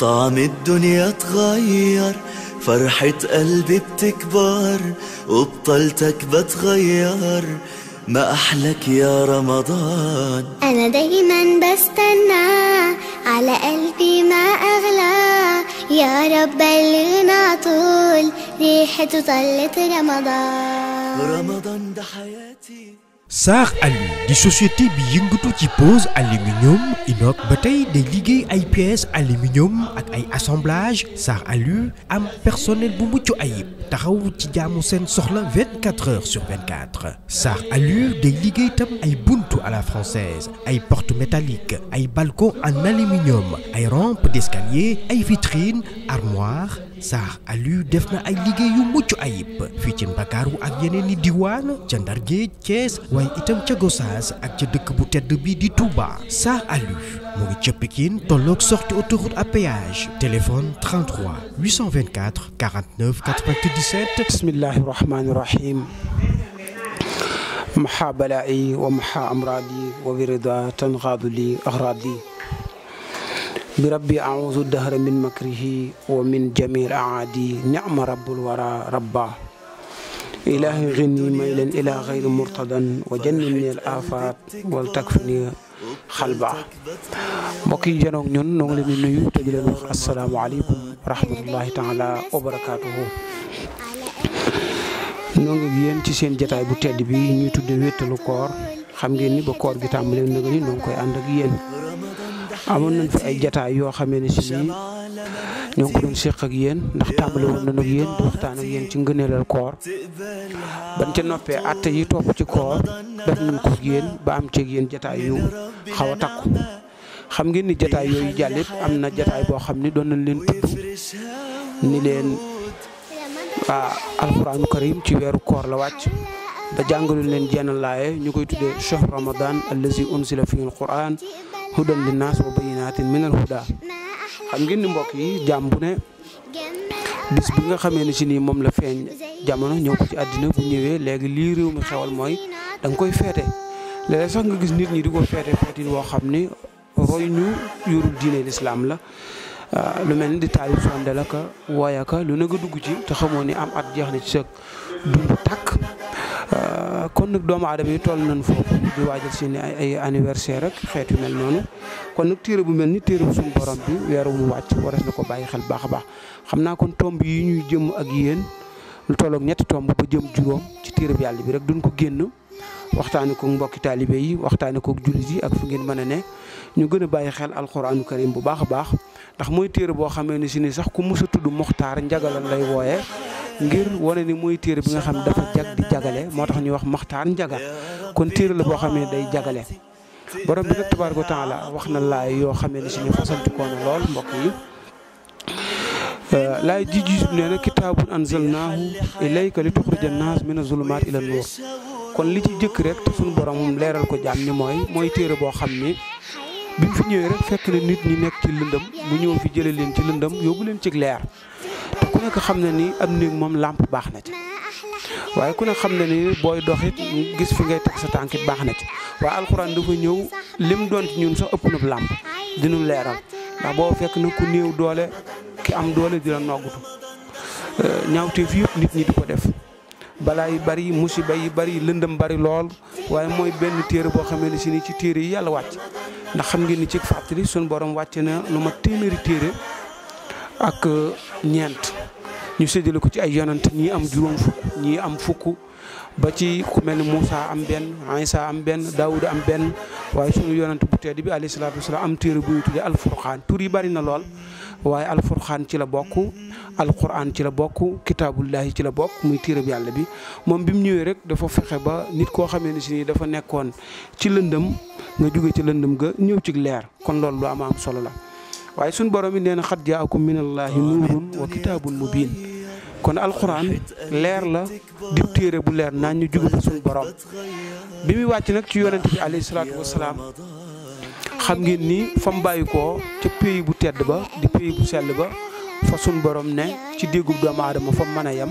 طعم الدنيا اتغير فرحة قلبي بتكبر وبطلتك بتغير ما أحلك يا رمضان أنا دايما بستنى على قلبي ما أغلى يا رب بلغنا طول ريحته طلت رمضان رمضان ده حياتي Saar alu, di société bi yëngatu ci pose aluminium inox ba tey day ay aluminium ak ay assemblage Saar alu am personnel bu mucc ayib taxaw ci jaamu soxla 24 heures sur 24 Saar alu day liggéey tam ay buntu à la française ay porte métallique, ay balcon en aluminium ay rampes d'escalier ay vitrine, armoire. Sar ALU, Defna na ay liggéey yu mucc ayib fii ci Ndakaaru ak yeneen i diwaan ca Ndar Géej waaye itam ca Gossas ak ca dëkk bu tedd bi di Touba Aliou à péage téléphone 33 824 49 97 rahim محا ومحا أمراضي وبرضا تنغاض لي bi rabbi auzu dahra min makrihi wa min jamil aadi ni'ma rabbul wara rabba ilahi ghini maylan ila ghayri murtadan wa jannibni al afat wal takfini xalba mbokk yi janoog ñun noo ngi leen di nuyu te di leen wa rahmatullahi taala wa barakaatuhu ñoo ngi yéen ci seen jataay bu tedd bi ñuy tudde wéttalu koor xam ngeen ni ba koor gi tàmbalee na nga ni noo koy ànd ak yéen amoon nañ fi ay jataay yoo xamee ne ci nii ñoo ko doon séq ak yéen ndax tàmbali woon nañu ak di waxtaan ak ci ngëneelal koor ban ci noppee atte yi topp ci koor def nañ ko yéen ba am ceeg yéen jataay yu xaw a takku xam ngeen ni jataay yooyu jàll am na jataay boo xam ni doon nañ leen tudd ni leen waa alxuraanu karim ci weeru koor la wàcc ba jàngalu leen jenn laaye ñu koy tuddee chahr ramadan allazi unsila fi alquran hudan linnaas wa bayinaatin na huda xam ngeen ni mbokk yi jàmm bu ne bis bi nga xamee ni si nii moom la feeñ jamono ñëw ko ci àddina bu ñëwee léegi lii réew mi xewal mooy danga koy feete léeg-léeg sax nga gis nit ñi di ko feete feetin woo xam ni roy ñu yorul diine lislaam la ah, lu mel ni di taalib sonde la ka wooya ka lu ne dugg ci te xamoo ni am at jeex na ci sa dund tàkk Euh, kon nag doomu aadama yi toll nañ foofu di waajal seen ay ay anniversaire ak xeet yu mel noonu kon nag téere bu mel ni téere bu suñu borom bi weer wu mu wàcc warees na ko bàyyi xel baax a baax xam naa kon tomb yi ñuy jëm ak yéen lu tolloog ñetti tomb ba jëm juróom ci téere bi yàlla bi rek duñ ko génn waxtaanee ko mbokki taalibe yi waxtaanee ko jullit yi ak ngeen mën a ne ñu gën a bàyyi xel alxuraanu karim bu baax a baax ndax mooy téere boo xamee ne si ni sax ku mës a tudd moxtaar njagalal lay wooyee ngir wane ni muy téere bi nga xam dafa jag di jagale moo tax ñuy wax maxtaar njaga kon téere la boo xam ne day jagale borom bi nag tabaaraka la wax na laay yoo xamee ne si ñu fasantikoo lool mbokk yi euh, lay ji ji nee na kitaabun anzalnaahu ilayka li tuxrija naas mina zulumaat ila nuur kon li ci jëkk rek te suñu borom leeral ko jaam ñi mooy mooy téere boo xam ni bi mu fi ñëwee rek fekk na nit ñi nekk ci lëndëm mu ñëw fi jëlee leen ci lëndëm yóbbu leen ci leer ku nekk xam na ni am néeg moom làmp baax na ci waaye ku ne xam na ni booy doxit gis fi ngay teg sa tànkit baax na ci waaye alxuraan dafa ñëw lim doon ci ñun sax ëpp na làmp dinu leeral ndax boo fekk na ku néew doole ki am doole di la noggutu euh, ñaawteef yëpp nit ñi di ko def balaa bari musiba yi bari lëndëm bari lool waaye mooy benn téere boo xamee ne si nii ci téere yi yàlla wàcc ndax xam ngeen ni ci fàttali suñu borom wàcc na lu ma téeméeri téere ak euh, ñu séddale ko ci ay yonant ñii am juróom fukk ñii am fukk ba ci ku mel ni Moussa am benn Isa am benn Daawuda am benn waaye sunu yonant bu tedd bi alayhi salaatu wasalaam am téere bu ñu tuddee yi bari na lool waaye alfurqaan ci la bokk alquran ci la bokk kitaabullahi ci la bokk muy téere bi yàlla bi moom bi mu ñëwee rek dafa fexe ba nit koo xamee ne si nii dafa nekkoon ci lëndëm nga jóge ci lëndëm ga ñëw ci leer kon loolu lu am am solo la waaye suñu borom yi nee na xat jaakum minallaahi nuurun wa kitaabun mubiin kon alxuraan leer la dib téere bu leer naa ñu jugu fa suñu bi muy wàcc nag ci yonente bi alayhi salaatu wasalaam xam ngeen ni fa mu bàyyi koo ca pays bu tedd ba di pays bu sell ba fa suñu borom ne ci déggub doomu aadama fa mën a yem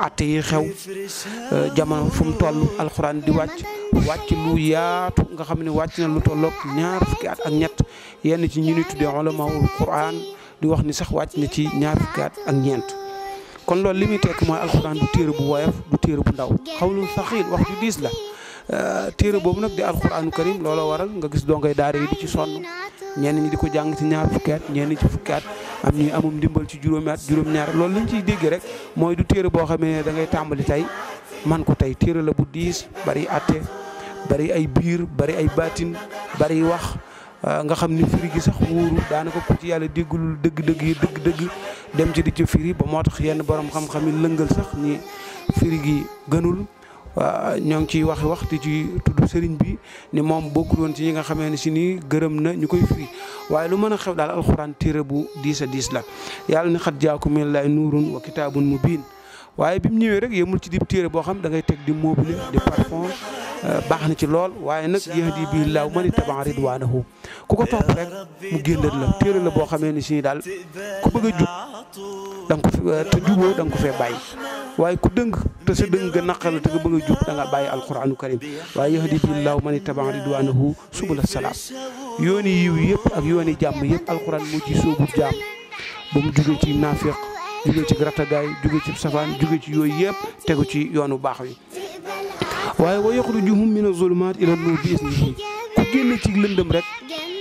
atte yi xew euh, jamono fu mu toll alxuraan di wàcc wàcc lu yaatu nga xam ne wàcc na lu tolloog ñaar fukki at ak ñett yenn ci ñu ni tuddee ulamaul quran di wax ni sax wàcc na ci ñaar fukki at ak ñeent kon loolu li muy tekk mooy alxuraan du téere bu woyof du téere bu ndaw xawlul saxiil wax ju diis la euh, téere boobu nag di alxuraanu karim looloo waral nga gis dongay daara yi di ci sonn ñenn ñi di ko jàng ci ñaar fukki at ñenn ñi ci fukki at am ñuy amum ndimbal ci juróomi at juróom-ñaar loolu lañ ciy dégg rek mooy du téere boo xamee dangay tàmbali tey man ko tey téere la bu diis bari atte bari ay biir bari ay baatin bari wax euh, nga xam ni firi gi sax wóoru daanaka ku ci yàlla déggulul dëgg-dëgg yi dëgg dem ci di ci firi moo tax yenn borom xam yi lëngal sax ni firi gi gënul euh, ñoo ngi ciy waxi wax di ci tudd sëriñ bi ni moom bokkul woon ci ñi nga xamee ne si ni gërëm na ñu koy firi waye lu meuna xew dal alquran tire bu 10 10 la yalla ni khat jaakum illahi nurun wa kitabun mubin waye bim ñewé rek yemul ci dib tire bo xam da ngay tek di mobile di parfum euh, baxna ci lool waye nak yahdi bihi laahu man taba ridwanahu ku ko topp rek mu gëndal la tire la bo xamé ni ci dal ku bëgg juk dang ko euh, te juboo dang ko fe bay waye ku deung te se deung ga nakal te bëgg juk da nga bay alquranul karim waye yahdi bihi man ittaba ridwaanahu subula salaam yooni yiw yëpp ak yooni jàmm yëpp alxuraan moo ci sóobu jàmm ba mu jugee ci naafiq jugee ci rattagaay jugee ci safaan jugee ci yooyu yëpp tegu ci yoonu baax wi waaye wa yaxrujuhum min azulumaat ila nuur bi isnihi ku génne ci lëndëm rek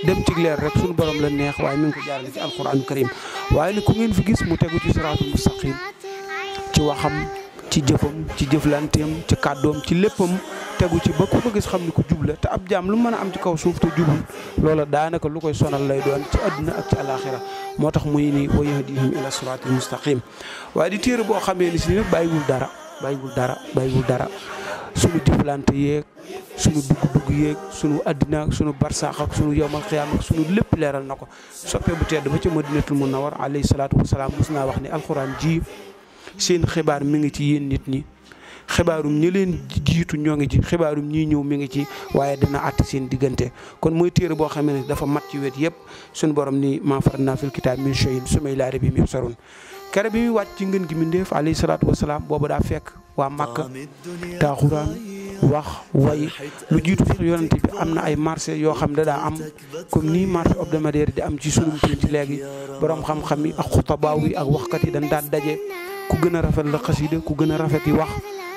dem ci leer rek suñu borom la neex waaye mi ngi ko jaarale ci alxuraanu karim waaye nag ku ngeen fi gis mu tegu ci siraatu mustaqim ci waxam ci jëfëm ci jëflantem ci kàddoom ci leppam teggu ci ba ko gis xamni ku jub te ab jam lu mëna am ci kaw suuf te jubul loolu daanaka lu koy sonal lay doon ci aduna ak ci alakhirah motax muy ni wa yahdihim ila siratil mustaqim wa di téere bo xamé ni ci nag dara bayiwul dara bayiwul dara sunu jëflante sunu dugg-dugg sunu aduna ak sunu barsaax ak sunu yowmal qiyam ak sunu lepp leral nako soppé bu tedd ba ci madinatul munawar alayhi salatu wassalam musna wax ni alquran ji seen xibaar mi ngi ci yéen nit ñi xibaarum ñi leen jiitu ñoo ngi ci xibaarum ñii ñëw mi ngi ci waaye dana àtt seen diggante kon mooy téere boo xam ne dafa mat ci wet yëpp suñu borom ni maa faratnaa fil kitaab min shay'in summa ilaa rabbihim yahsharuun kere bi ci ngën gi mbindéef alayhi salaatu wasalaam boobu daa fekk waa Màkka taaxuraan wax way lu jiitu sax yonent bi am na ay marché yoo xam ne daa am comme nii marché hebdomadaire di am ci sunum pénc léegi borom xam-xam yi ak xutabaaw yi ak waxkat yi dañ daan daje ku gën a rafet la xasida ku gën a rafet yi wax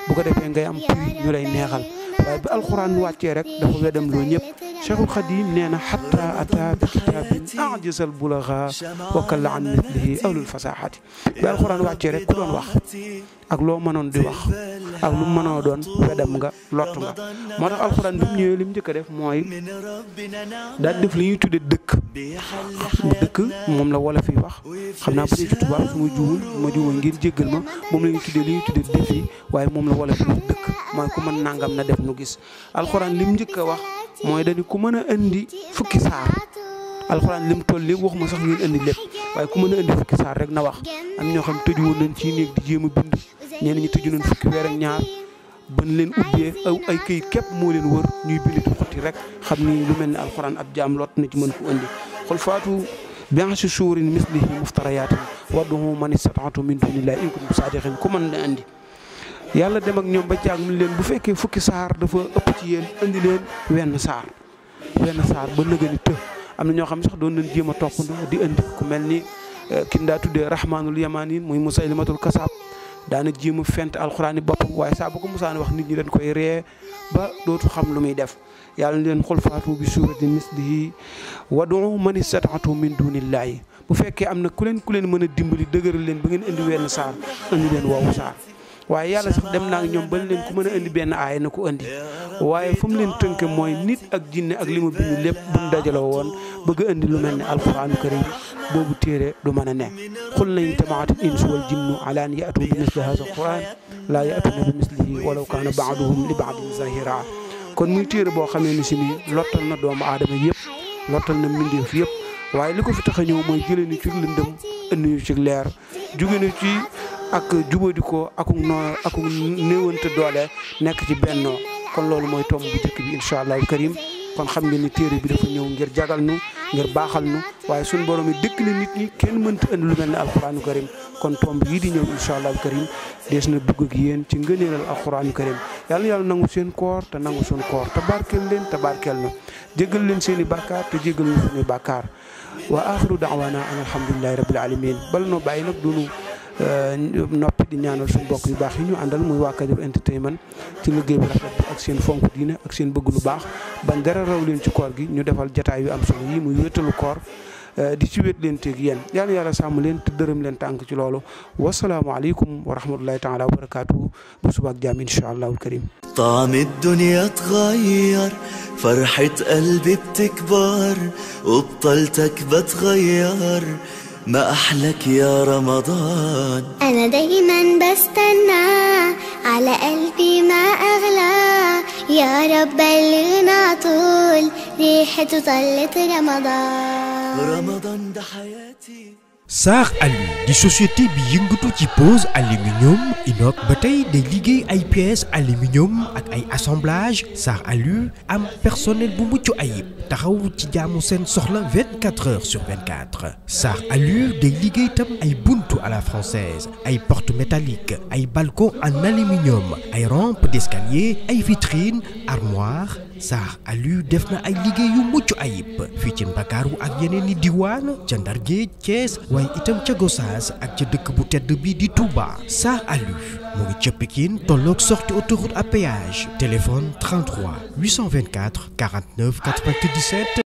bu ko defee ngay am puy ñu lay neexal waaye bi alxuraan wàccee rek dafa dem loo ñëpp شيخ القديم نانا حتى أتى بكتاب أعجز البلغاء وكل عن مثله أول الفصاحة بالقرآن وعجرة كل واحد أقلو ما نون دوا أقلو ما نون دوان بدم غا لطنا ما نقول القرآن بمن يعلم دي كريف موي دا دفلي يتود دك دك مم لا ولا في واحد خمنا بني تتوبا مجول مجول وينجيل جيل ما مم لا يتود لي واي مم ولا في دك ما يكون من نعم نادف نقص القرآن لمجك واحد mooy dañu ku mën a indi fukki saar alxuraan lim toll lépp waxuma sax ngeen indi lépp waaye ku mën a indi fukki saar rek na wax am ñoo xam tëju woon nañ ci néeg di jéem a bind ñenn ñi tëju nañ fukki weer ñaar bën leen ubbee ay këyit képp moo leen wër ñuy bind di xotti rek xam ni lu mel ni alxuraan ab jaam lot na ci mën ko indi xol faatu bien si suurin mislihi muftarayatin wadduhu man istata'tum min dunillahi in kuntum sadiqin ku mën la indi yàlla dem ak ñoom ba jàng mu leen bu fekkee fukki saar dafa ëpp ci yéen indi leen wenn saar wenn saar ba nëgëni am na ñoo xam sax doon nañ jéem a topp di indi ku mel ni eh, kin daa tuddee rahmaanul yamaaniin muy musaylimatul kasaab daana jéem a fent alxuraani boppam waaye saa bu ko musaani wax nit ñi dañ koy ree ba dootu xam lu muy def yàlla na leen xul faatu bi suurati mislihi wadu man istataatum min duunillaahi bu fekkee am na ku leen leen mën a dimbali dëgëral leen ba ngeen indi wenn saar indi leen woowu saar waaye yàlla sax dem naa ñoom ba leen ku mën a indi benn aaya na ko indi waaye fu mu leen tënke mooy nit ak jinne ak li mu bind lépp bu mu dajaloo woon bëgg a lu mel ne alquraanu karim boobu téere du mën a ne xul nañ tamaata insu wal jinnu ala an yaatu bi misli haza alquran laa yaatuna bi mislihi walaw kaana baaduhum li baadin zahira kon muy téere boo xamee ni si nii lottal na doomu aadama yëpp lottal na mbindeef yëpp waaye li ko fi tax a mooy jëlee ni ci lëndëm indi ñu ak jubadikoo ak noo ak neewante doole nek ci benno, kon lolu moy tom bu jekk bi inshallah karim kon xam nga ni téré bi dafa ñew ngir jagal nu ngir baxal nu waye sun borom yi dekk ni nit ñi kenn mënta lu karim kon tom yii di ñew inshallah allahu karim des na bëgg ak yeen ci ngëneelal alquranu karim yalla yalla nangu seen koor te nangu sun koor te barkel leen te barkel na leen seen bakkar te ñu bakkar wa akhiru da'wana alhamdulillahi rabbil rabil alamin bala noo bàyyi dunu noppi di ñaanal suñu bokk yu baax yi ñu àndal muy waa Kajoor entertainment ci liggéey bu rafet bi ak seen fonk diine ak seen bëgg lu baax ban dara raw leen ci koor gi ñu defal jataay yu am solo yi muy wétalu koor di ci wét leen teeg yéen yàlla yàlla sàmm leen te dërëm leen tànk ci loolu wasalaamaaleykum wa rahmatullahi taala wa barakaatu bu subaak jaam insha allahul karim طعم الدنيا اتغير فرحة قلبي بتكبر وبطلتك بتغير ما أحلك يا رمضان أنا دايما بستنى على قلبي ما أغلى يا رب بلغنا طول ريحته طلت رمضان رمضان ده حياتي Saar Alu, di société bi yëngatu ci pose aluminium inox ba tey day liggéey ay pièces aluminium ak ay assemblage Saar alu am personnel bu mucc ayib taxaw ci jaamu soxla 24 heures sur 24 Saar Alu day liggéey tam ay à la française ay portes métalliques ay balcons en aluminium ay rampes d'escalier ay vitrines armoires Sar ALU DEFNA ay AYIP yu muccu ayib fi ci Ndakaaru ak yeneen ni diwaan ca Ndar de itam ca ak bi di Touba Sar alu, mu ngi ca Pikine sorti sorti autoroute à péage téléphone 33 824 49 97